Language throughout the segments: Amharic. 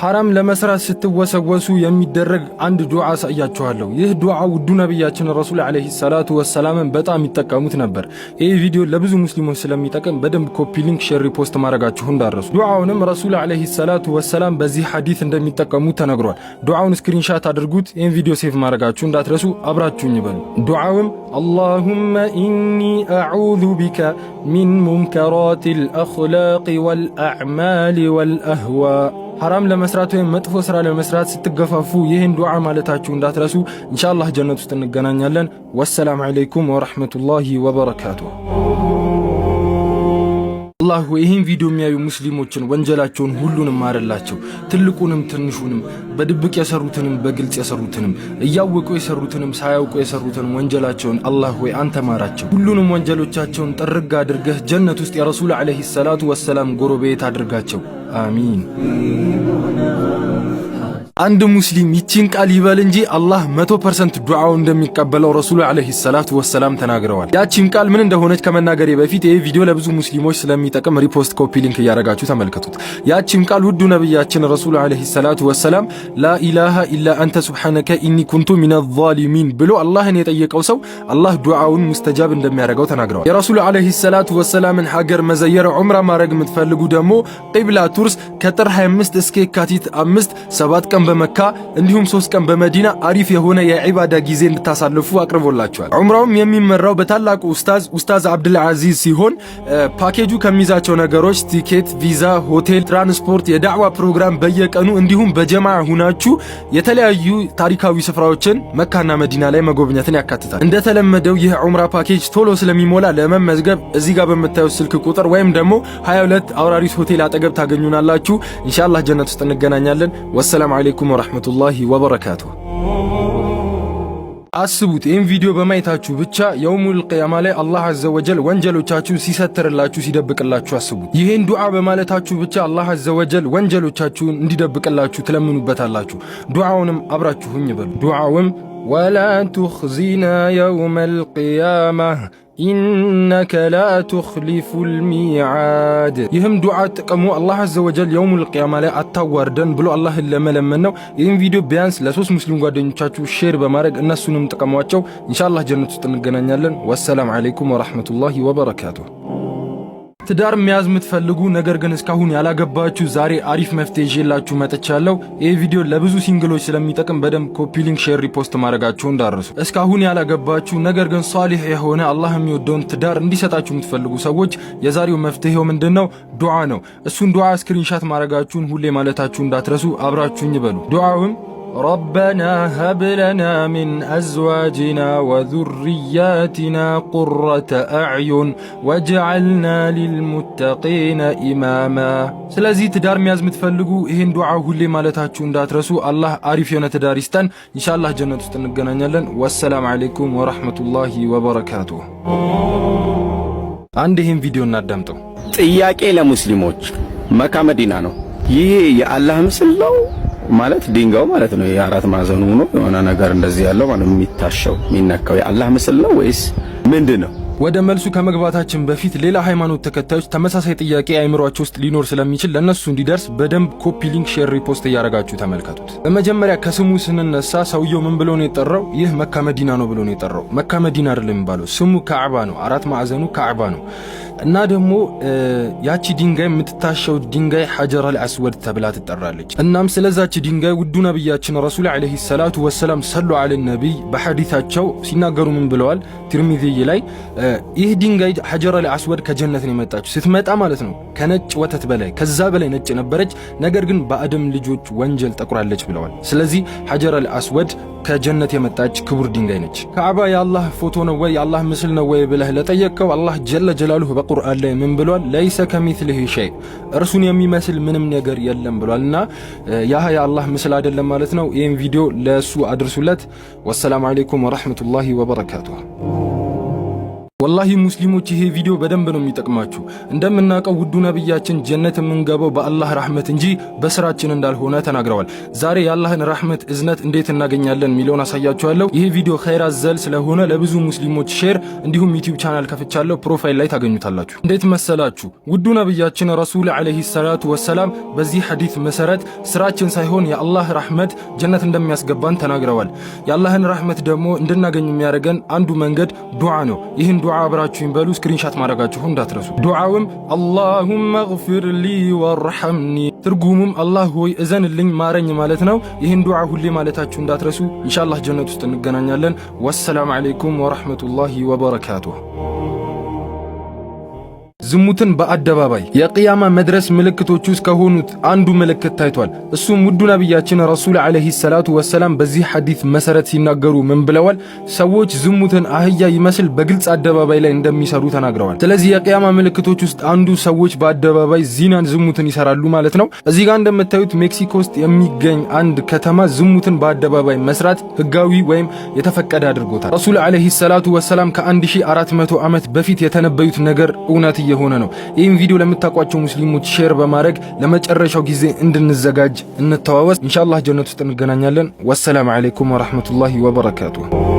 ሐራም ለመስራት ስትወሰወሱ የሚደረግ አንድ ዱዓ አሳያችኋለሁ። ይህ ዱዓ ውዱ ነቢያችን ረሱል ዓለይሂ ሰላቱ ወሰላምን በጣም ይጠቀሙት ነበር። ይህ ቪዲዮ ለብዙ ሙስሊሞች ስለሚጠቅም በደንብ ኮፒ ሊንክ፣ ሼር፣ ሪፖስት ማድረጋችሁ እንዳረሱ። ዱዓውንም ረሱል ዓለይሂ ሰላቱ ወሰላም በዚህ ሐዲት እንደሚጠቀሙት ተነግሯል። ዱዓውን ስክሪንሻት አድርጉት። ይህን ቪዲዮ ሴቭ ማድረጋችሁ እንዳትረሱ። አብራችሁኝ ይበሉ። ዱዓውም አላሁመ ኢኒ አዑዙ ቢከ ሚን ሙንከራት አልአኽላቅ ወልአዕማል ወልአህዋ ሐራም ለመስራት ወይም መጥፎ ስራ ለመስራት ስትገፋፉ ይህን ዱዓ ማለታችሁ እንዳትረሱ። ኢንሻአላህ ጀነት ውስጥ እንገናኛለን። ወሰላም ዓለይኩም ወራህመቱላሂ ወበረካቱ። አላህ ይህን ቪዲዮ የሚያዩ ሙስሊሞችን ወንጀላቸውን ሁሉንም ማረላቸው፣ ትልቁንም ትንሹንም፣ በድብቅ የሰሩትንም በግልጽ የሰሩትንም፣ እያወቁ የሰሩትንም ሳያውቁ የሰሩትንም ወንጀላቸውን አላህ ወይ አንተ ማራቸው። ሁሉንም ወንጀሎቻቸውን ጥርግ አድርገህ ጀነት ውስጥ የረሱል ዓለይሂ ሰላቱ ወሰላም ጎረቤት አድርጋቸው። آمين አንድ ሙስሊም ይቺን ቃል ይበል እንጂ አላህ 100% ዱዓው እንደሚቀበለው ረሱሉ አለይሂ ሰላቱ ወሰላም ተናግረዋል። ያቺን ቃል ምን እንደሆነች ከመናገሬ በፊት ይህ ቪዲዮ ለብዙ ሙስሊሞች ስለሚጠቅም ሪፖስት ኮፒ ሊንክ እያረጋችሁ ተመልከቱት። ያቺን ቃል ውዱ ነብያችን ረሱሉ አለይሂ ሰላቱ ወሰላም ላኢላሃ ኢላ አንተ ሱብሐነከ ኢኒ ኩንቱ ሚነል ዛሊሚን ብሎ አላህን የጠየቀው ሰው አላህ ዱዓውን ሙስተጃብ እንደሚያደርገው ተናግረዋል። የረሱሉ አለይሂ ሰላቱ ወሰላምን ሀገር መዘየር፣ ዑምራ ማድረግ የምትፈልጉ ደግሞ ቂብላ ቱርስ ከጥር 25 እስከ የካቲት 5 7 ቀን በመካ እንዲሁም ሶስት ቀን በመዲና አሪፍ የሆነ የዒባዳ ጊዜ እንድታሳልፉ አቅርቦላቸዋል። ዑምራውም የሚመራው በታላቁ ኡስታዝ ኡስታዝ አዚዝ ሲሆን ፓኬጁ ከሚይዛቸው ነገሮች ቲኬት፣ ቪዛ፣ ሆቴል፣ ትራንስፖርት፣ የዳዕዋ ፕሮግራም በየቀኑ እንዲሁም በጀማ ሁናችሁ የተለያዩ ታሪካዊ ስፍራዎችን መካና መዲና ላይ መጎብኘትን ያካትታል። እንደተለመደው ይህ ዑምራ ፓኬጅ ቶሎ ስለሚሞላ ለመመዝገብ እዚህ ጋር በምታዩት ስልክ ቁጥር ወይም ደግሞ 22 አውራሪስ ሆቴል አጠገብ ታገኙናላችሁ። ኢንሻአላህ ጀነት ውስጥ እንገናኛለን። ወሰላም አለይኩም አለይኩም ወራህመቱላሂ ወበረካቱ። አስቡት ይህም ቪዲዮ በማየታችሁ ብቻ የውሙል ቅያማ ላይ አላህ አዘወጀል ወንጀሎቻችሁን ሲሰትርላችሁ ሲደብቅላችሁ አስቡት። ይህን ዱዓ በማለታችሁ ብቻ አላህ አዘወጀል ወንጀሎቻችሁን እንዲደብቅላችሁ ትለምኑበታላችሁ። ዱዓውንም አብራችሁኝ በሉ። ዱዓውም ወላ ቱኽዚና የውመል ቅያማ ኢነከ ላ ቱኽሊፉ ልሚዓድ። ይህም ዱዓ ጥቅሙ አላህ አዘ ወጀል የውሙል ቂያማ ላይ አታዋርደን ብሎ አላህን ለመለመን ነው። ይህም ቪዲዮ ቢያንስ ለሶስት ሙስሊም ጓደኞቻችሁ ሼር በማድረግ እነሱንም ጥቀሟቸው። ኢንሻአላህ ጀነት ውስጥ እንገናኛለን። ወሰላም ዓለይኩም ወረሕመቱላሂ ወበረካቱሁ። ትዳር መያዝ የምትፈልጉ ነገር ግን እስካሁን ያላገባችሁ ዛሬ አሪፍ መፍትሄ ይዤላችሁ መጥቻለሁ። ይህ ቪዲዮ ለብዙ ሲንግሎች ስለሚጠቅም በደንብ ኮፒ ሊንክ፣ ሼር፣ ሪፖስት ማድረጋችሁን እንዳትረሱ። እስካሁን ያላገባችሁ ነገር ግን ሷሊህ የሆነ አላህ የሚወደውን ትዳር እንዲሰጣችሁ የምትፈልጉ ሰዎች የዛሬው መፍትሄው ምንድን ነው? ዱዓ ነው። እሱን ዱዓ ስክሪንሻት ማድረጋችሁን ሁሌ ማለታችሁ እንዳትረሱ። አብራችሁኝ በሉ ዱዓውም ربنا هب لنا من أزواجنا وذرياتنا قرة أعين واجعلنا للمتقين إماما ስለዚህ ትዳር መያዝ የምትፈልጉ ይህን ዱዓ ሁሌ ማለታችሁ እንዳትረሱ። አላህ አሪፍ የሆነ ትዳር ይስጠን። ኢንሻአላህ ጀነት ውስጥ እንገናኛለን። ወሰላም አለይኩም ወራህመቱላሂ ወበረካቱ አንድ ይህን ቪዲዮ እናዳምጠው። ጥያቄ ለሙስሊሞች መካ መዲና ነው። ይሄ የአላህ ምስል ነው ማለት ድንጋዩ ማለት ነው የአራት ማዕዘኑ ሆኖ የሆነ ነገር እንደዚህ ያለው ማለት የሚታሸው የሚነካው የአላህ ምስል ነው ወይስ ምንድን ነው? ወደ መልሱ ከመግባታችን በፊት ሌላ ሃይማኖት ተከታዮች ተመሳሳይ ጥያቄ አይምሯቸው ውስጥ ሊኖር ስለሚችል ለእነሱ እንዲደርስ በደንብ ኮፒ ሊንክ፣ ሼር፣ ሪፖስት እያደረጋችሁ ተመልከቱት። በመጀመሪያ ከስሙ ስንነሳ ሰውየው ምን ብሎ ነው የጠራው? ይህ መካ መዲና ነው ብሎ ነው የጠራው። መካ መዲና አይደለም የሚባለው ስሙ ካዕባ ነው። አራት ማዕዘኑ ካዕባ ነው። እና ደግሞ ያቺ ድንጋይ የምትታሸው ድንጋይ ሐጀረል አስወድ ተብላ ትጠራለች። እናም ስለዛች ድንጋይ ውዱ ነቢያችን ረሱል ዓለይሂ ሰላቱ ወሰላም ሰሉ አለ ነቢይ በሐዲታቸው ሲናገሩ ምን ብለዋል? ትርሚዝይ ላይ ይህ ድንጋይ ሐጀረል አስወድ ከጀነት ነው የመጣችው። ስትመጣ ማለት ነው ከነጭ ወተት በላይ ከዛ በላይ ነጭ ነበረች፣ ነገር ግን በአደም ልጆች ወንጀል ጠቁራለች ብለዋል። ስለዚህ ሐጀረል አስወድ ከጀነት የመጣች ክቡር ድንጋይ ነች። ከዓባ የአላህ ፎቶ ነው ወይ የአላህ ምስል ነው ወይ ብለህ ለጠየቀው አላህ ጀለ ጀላሉሁ ቁርአን ላይ ምን ብሏል? ለይሰ ከሚትልህ ሸይ እርሱን የሚመስል ምንም ነገር የለም ብሏል። እና ያህ የአላህ ምስል አይደለም ማለት ነው። ይህም ቪዲዮ ለእሱ አድርሱለት። ወሰላሙ አሌይኩም ወረሕመቱላሂ ወበረካቱሁ። ወላሂ ሙስሊሞች ይሄ ቪዲዮ በደንብ ነው የሚጠቅማችሁ። እንደምናውቀው ውዱ ነብያችን ጀነት የምንገባው በአላህ ራህመት እንጂ በስራችን እንዳልሆነ ተናግረዋል። ዛሬ የአላህን ራህመት እዝነት እንዴት እናገኛለን የሚለውን አሳያችኋለሁ። ይሄ ቪዲዮ ኸይራ ዘል ስለሆነ ለብዙ ሙስሊሞች ሼር፣ እንዲሁም ዩቲዩብ ቻናል ከፍቻለሁ፣ ፕሮፋይል ላይ ታገኙታላችሁ። እንዴት መሰላችሁ? ውዱ ነብያችን ረሱል ዓለይሂ ሰላቱ ወሰላም በዚህ ሐዲት መሰረት ስራችን ሳይሆን የአላህ ራህመት ጀነት እንደሚያስገባን ተናግረዋል። የአላህን ራህመት ደግሞ እንድናገኝ የሚያደርገን አንዱ መንገድ ዱዓ ነው። ይህን ዱዓ አብራችሁኝ በሉ። ስክሪንሻት ማድረጋችሁ እንዳትረሱ። ዱዓውም አላሁመ እግፊር ሊ ወርሐምኒ፣ ትርጉሙም አላህ ሆይ እዘንልኝ ማረኝ ማለት ነው። ይህን ዱዓ ሁሌ ማለታችሁ እንዳትረሱ። እንሻላ ጀነት ውስጥ እንገናኛለን። ወሰላም ዓለይኩም ወረሕመቱላሂ ወበረካቱሁ። ዝሙትን በአደባባይ የቅያማ መድረስ ምልክቶች ውስጥ ከሆኑት አንዱ ምልክት ታይቷል። እሱም ውዱ ነቢያችን ረሱል ዓለይሂ ሰላቱ ወሰላም በዚህ ሐዲት መሰረት ሲናገሩ ምን ብለዋል? ሰዎች ዝሙትን አህያ ይመስል በግልጽ አደባባይ ላይ እንደሚሰሩ ተናግረዋል። ስለዚህ የቅያማ ምልክቶች ውስጥ አንዱ ሰዎች በአደባባይ ዚናን፣ ዝሙትን ይሰራሉ ማለት ነው። እዚህ ጋር እንደምታዩት ሜክሲኮ ውስጥ የሚገኝ አንድ ከተማ ዝሙትን በአደባባይ መስራት ህጋዊ ወይም የተፈቀደ አድርጎታል። ረሱል ዓለይሂ ሰላቱ ወሰላም ከ1400 ዓመት በፊት የተነበዩት ነገር እውነት እየሆነ ነው። ይህም ቪዲዮ ለምታውቋቸው ሙስሊሞች ሼር በማድረግ ለመጨረሻው ጊዜ እንድንዘጋጅ እንተዋወስ። እንሻላ ጀነት ውስጥ እንገናኛለን። ወሰላም አለይኩም ወራህመቱላሂ ወበረካቱሁ።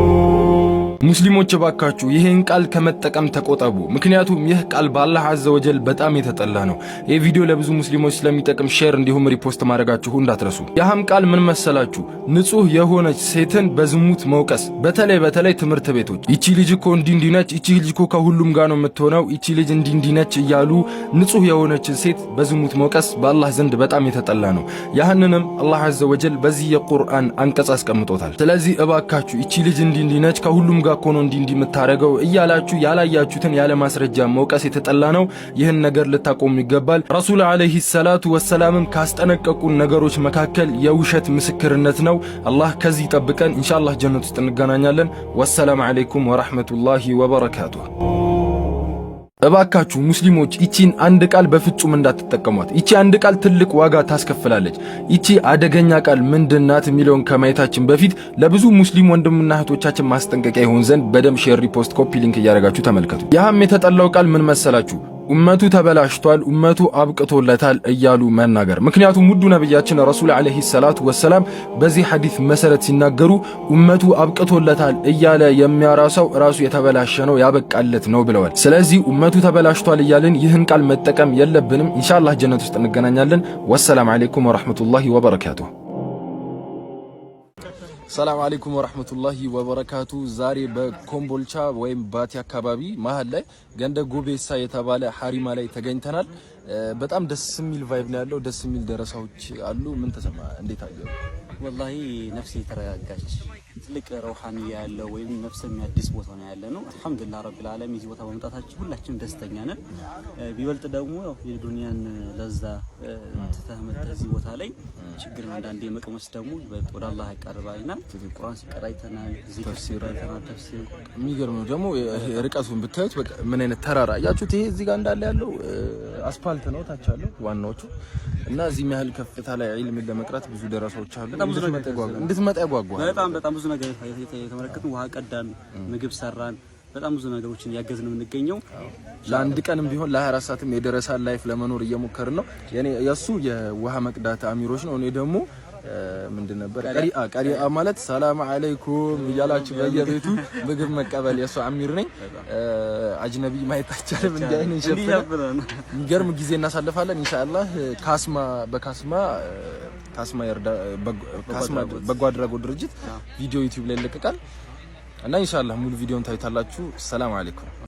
ሙስሊሞች እባካችሁ ይህን ቃል ከመጠቀም ተቆጠቡ። ምክንያቱም ይህ ቃል በአላህ አዘ ወጀል በጣም የተጠላ ነው። ይህ ቪዲዮ ለብዙ ሙስሊሞች ስለሚጠቅም ሼር እንዲሁም ሪፖስት ማድረጋችሁ እንዳትረሱ። ያህም ቃል ምን መሰላችሁ? ንጹህ የሆነች ሴትን በዝሙት መውቀስ፣ በተለይ በተለይ ትምህርት ቤቶች ይቺ ልጅ እኮ እንዲህ እንዲህ ይቺ ልጅ እኮ ከሁሉም ጋር ነው የምትሆነው፣ ይቺ ልጅ እንዲህ እንዲህ እያሉ ንጹህ የሆነችን ሴት በዝሙት መውቀስ በአላህ ዘንድ በጣም የተጠላ ነው። ያህንንም አላህ አዘ ወጀል በዚህ የቁርአን አንቀጽ አስቀምጦታል። ስለዚህ እባካችሁ ይቺ ልጅ እንዲህ ከሁሉም ጋር እኮ ነው እንዲህ እንዲህ የምታደርገው እያላችሁ ያላያችሁትን ያለ ማስረጃ መውቀስ የተጠላ ነው። ይህን ነገር ልታቆሙ ይገባል። ረሱል ዓለይሂ ሰላቱ ወሰላምም ካስጠነቀቁን ነገሮች መካከል የውሸት ምስክርነት ነው። አላህ ከዚህ ይጠብቀን። ኢንሻአላህ ጀነት ውስጥ እንገናኛለን። ወሰላም ዓለይኩም ወራህመቱላሂ ወበረካቱሁ። እባካችሁ ሙስሊሞች ይቺን አንድ ቃል በፍጹም እንዳትጠቀሟት። ይቺ አንድ ቃል ትልቅ ዋጋ ታስከፍላለች። ይቺ አደገኛ ቃል ምንድናት የሚለውን ከማየታችን በፊት ለብዙ ሙስሊም ወንድምና እህቶቻችን ማስጠንቀቂያ ይሆን ዘንድ በደም ሼር፣ ሪፖስት፣ ኮፒ ሊንክ እያደረጋችሁ ተመልከቱ። ያህም የተጠላው ቃል ምን መሰላችሁ? ኡመቱ ተበላሽቷል፣ ኡመቱ አብቅቶለታል እያሉ መናገር። ምክንያቱም ውዱ ነቢያችን ረሱል ዓለይሂ ሰላቱ ወሰላም በዚህ ሐዲስ መሰረት ሲናገሩ ኡመቱ አብቅቶለታል እያለ የሚያራሰው ራሱ የተበላሸ ነው ያበቃለት ነው ብለዋል። ስለዚህ ኡመቱ ተበላሽቷል እያልን ይህን ቃል መጠቀም የለብንም። ኢንሻአላህ ጀነት ውስጥ እንገናኛለን። ወሰላም ዓለይኩም ወረሕመቱላሂ ወበረካቱሁ። ሰላም አለይኩም ወራህመቱላሂ ወበረካቱ። ዛሬ በኮምቦልቻ ወይም ባቲ አካባቢ መሀል ላይ ገንደ ጎቤሳ የተባለ ሀሪማ ላይ ተገኝተናል። በጣም ደስ የሚል ቫይብ ነው ያለው። ደስ የሚል ደረሳዎች አሉ። ምን ተሰማ? እንዴት አየው? ወላሂ ነፍሴ ተረጋጋች። ትልቅ ረውሃንያ ያለው ወይም ነፍስ የሚያድስ ቦታ ነው ያለ ነው። አልሐምዱሊላህ ረብል ዓለም የዚህ ቦታ በመምጣታችን ሁላችንም ደስተኛ ነን። ቢበልጥ ደግሞ የዱንያን ለዛ ትተህ መጥተህ እዚህ ቦታ ላይ ችግር አንዳንዴ መቅመስ ደግሞ ወደ አላህ ያቀርባልና ቁርአን ሲቀራ አይተናል። ተፍሲር የሚገርም ነው ደግሞ ርቀቱን ብታዩት ምን አይነት ተራራ እያችሁት ይሄ እዚህ ጋር እንዳለ ያለው አስፋልት ነው ታች ዋናዎቹ እና እዚህ ያህል ከፍታ ላይ ዒልምን ለመቅራት ብዙ ደረሳዎች አሉ። እንድትመጣ ያጓጓል። በጣም በጣም ብዙ ነገር የተመለከትን፣ ውሃ ቀዳን፣ ምግብ ሰራን፣ በጣም ብዙ ነገሮችን እያገዝን ነው የምንገኘው። ለአንድ ቀንም ቢሆን ለ24 ሰዓትም የደረሳን ላይፍ ለመኖር እየሞከርን ነው። የእሱ የውሃ መቅዳት አሚሮች ነው እኔ ደግሞ ምንድን ነበር ቀሪአ ማለት ሰላም አለይኩም እያላችሁ በየቤቱ ምግብ መቀበል። የእሱ አሚር ነኝ። አጅነቢ ማየት አይቻልም። እንዲህ አይነት የሚገርም ጊዜ እናሳልፋለን። ኢንሻአላህ ካስማ በካስማ ካስማ በጎ አድራጎት ድርጅት ቪዲዮ ዩቲዩብ ላይ ይለቀቃል እና ኢንሻአላህ ሙሉ ቪዲዮን ታዩታላችሁ። ሰላም አለይኩም